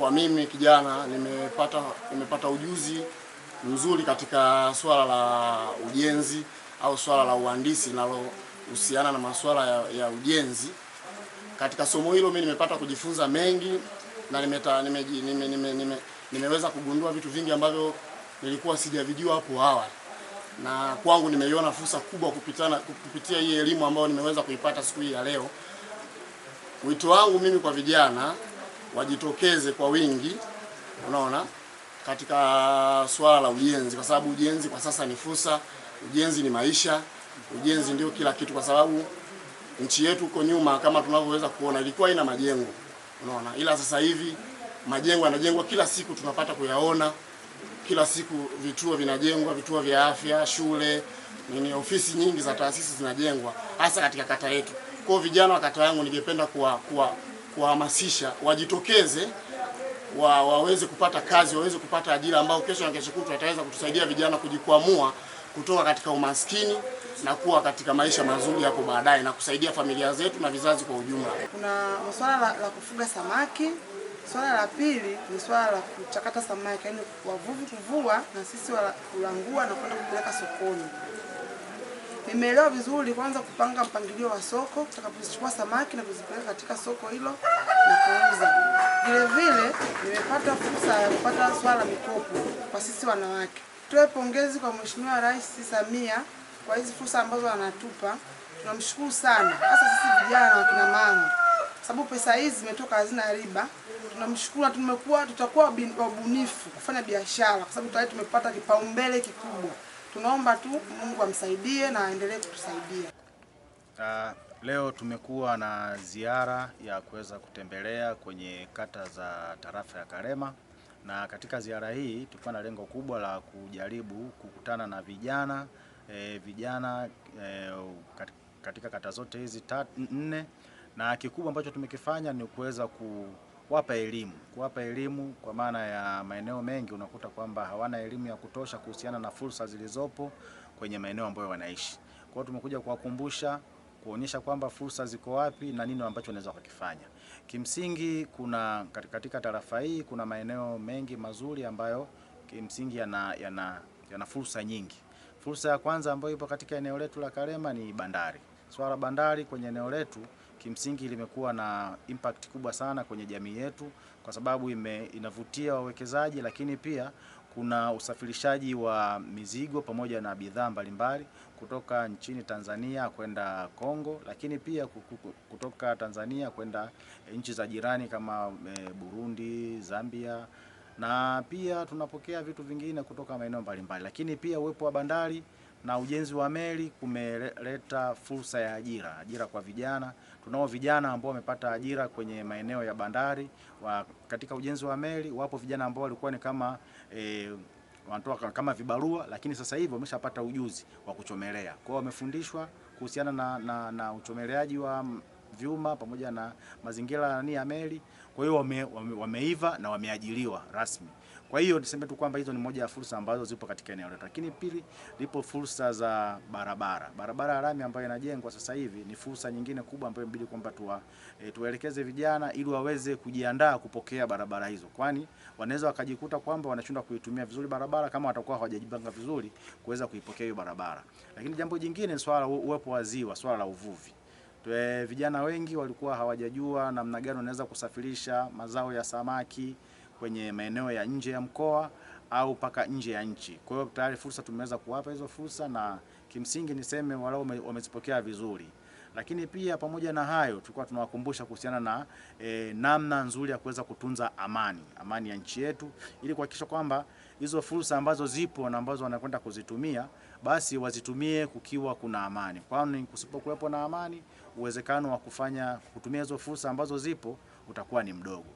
kwa mimi kijana nimepata, nimepata ujuzi mzuri katika swala la ujenzi au swala la uhandisi linalohusiana na masuala ya, ya ujenzi. Katika somo hilo mimi nimepata kujifunza mengi na nimeta, nime, nime, nime, nime, nimeweza kugundua vitu vingi ambavyo nilikuwa sijavijua hapo awali, na kwangu nimeiona fursa kubwa kupitana, kupitia hii elimu ambayo nimeweza kuipata siku hii ya leo. Wito wangu mimi kwa vijana wajitokeze kwa wingi, unaona, katika swala la ujenzi, kwa sababu ujenzi kwa sasa ni fursa, ujenzi ni maisha, ujenzi ndio kila kitu, kwa sababu nchi yetu huko nyuma kama tunavyoweza kuona ilikuwa ina majengo, unaona, ila sasa hivi majengo yanajengwa kila siku, tunapata kuyaona kila siku, vituo vinajengwa, vituo vya afya, shule nini, ofisi nyingi za taasisi zinajengwa hasa katika kata yetu. Kwa vijana wa kata yangu ningependa kuwa, kuwa kuwahamasisha wajitokeze wa, waweze kupata kazi, waweze kupata ajira ambao kesho na kesho kutu wataweza kutusaidia vijana kujikwamua kutoka katika umaskini na kuwa katika maisha mazuri hapo baadaye na kusaidia familia zetu na vizazi kwa ujumla. Kuna swala la, la kufuga samaki. Swala la pili ni swala la kuchakata samaki, yaani wavuvi kuvua na sisi kulangua na kwenda kupeleka sokoni. Nimeelewa vizuri kwanza kupanga mpangilio wa soko, tutakapozichukua samaki na kuzipeleka katika soko hilo na kuuza. Vile vile nimepata fursa ya kupata swala mikopo kwa sisi wanawake. Tuwe pongezi kwa Mheshimiwa Rais Samia kwa hizi fursa ambazo anatupa. Tunamshukuru sana, hasa sisi vijana na wakina mama, sababu pesa hizi zimetoka hazina riba. Tunamshukuru, tumekuwa tutakuwa wabunifu kufanya biashara, kwa sababu tayari tumepata kipaumbele kikubwa. Tunaomba tu Mungu amsaidie na aendelee kutusaidia. Uh, leo tumekuwa na ziara ya kuweza kutembelea kwenye kata za tarafa ya Karema na katika ziara hii tulikuwa na lengo kubwa la kujaribu kukutana na vijana e, vijana e, katika kata zote hizi nne, na kikubwa ambacho tumekifanya ni kuweza ku kuwapa elimu, kuwapa elimu kwa maana ya maeneo mengi unakuta kwamba hawana elimu ya kutosha kuhusiana na fursa zilizopo kwenye maeneo ambayo wanaishi. Kwa hiyo tumekuja kuwakumbusha kuonyesha kwamba fursa ziko wapi na nini ambacho unaweza kukifanya. Kimsingi kuna katika tarafa hii kuna maeneo mengi mazuri ambayo kimsingi yana, yana, yana fursa nyingi. Fursa ya kwanza ambayo ipo katika eneo letu la Karema ni bandari. Swala bandari kwenye eneo letu kimsingi limekuwa na impact kubwa sana kwenye jamii yetu, kwa sababu ime, inavutia wawekezaji, lakini pia kuna usafirishaji wa mizigo pamoja na bidhaa mbalimbali kutoka nchini Tanzania kwenda Kongo, lakini pia kutoka Tanzania kwenda nchi za jirani kama e, Burundi, Zambia na pia tunapokea vitu vingine kutoka maeneo mbalimbali, lakini pia uwepo wa bandari na ujenzi wa meli kumeleta fursa ya ajira, ajira kwa vijana. Tunao vijana ambao wamepata ajira kwenye maeneo ya bandari wa, katika ujenzi wa meli. Wapo vijana ambao walikuwa ni kama e, wanatoa kama vibarua, lakini sasa hivi wameshapata ujuzi wa kuchomelea, kwao, wamefundishwa kuhusiana na, na, na uchomeleaji wa vyuma pamoja na mazingira nani ya meli. Kwa hiyo wame, wame, wameiva na wameajiriwa rasmi. Kwa hiyo niseme tu kwamba hizo ni moja ya fursa ambazo zipo katika eneo letu, lakini pili, lipo fursa za barabara. Barabara ya lami ambayo inajengwa sasa hivi ni fursa nyingine kubwa ambayo inabidi kwamba tuwa, e, tuwaelekeze vijana ili waweze kujiandaa kupokea barabara hizo, kwani wanaweza wakajikuta kwamba wanashindwa kuitumia vizuri barabara kama watakuwa hawajajipanga vizuri kuweza kuipokea hiyo barabara. Lakini jambo jingine ni swala uwepo wa ziwa, swala la uvuvi Tue, vijana wengi walikuwa hawajajua namna gani wanaweza kusafirisha mazao ya samaki kwenye maeneo ya nje ya mkoa au mpaka nje ya nchi. Kwa hiyo tayari fursa tumeweza kuwapa hizo fursa, na kimsingi niseme walau wamezipokea vizuri lakini pia pamoja na hayo tulikuwa tunawakumbusha kuhusiana na e, namna nzuri ya kuweza kutunza amani amani ya nchi yetu, ili kuhakikisha kwamba hizo fursa ambazo zipo na ambazo wanakwenda kuzitumia basi wazitumie kukiwa kuna amani, kwani kusipokuwepo na amani, uwezekano wa kufanya kutumia hizo fursa ambazo zipo utakuwa ni mdogo.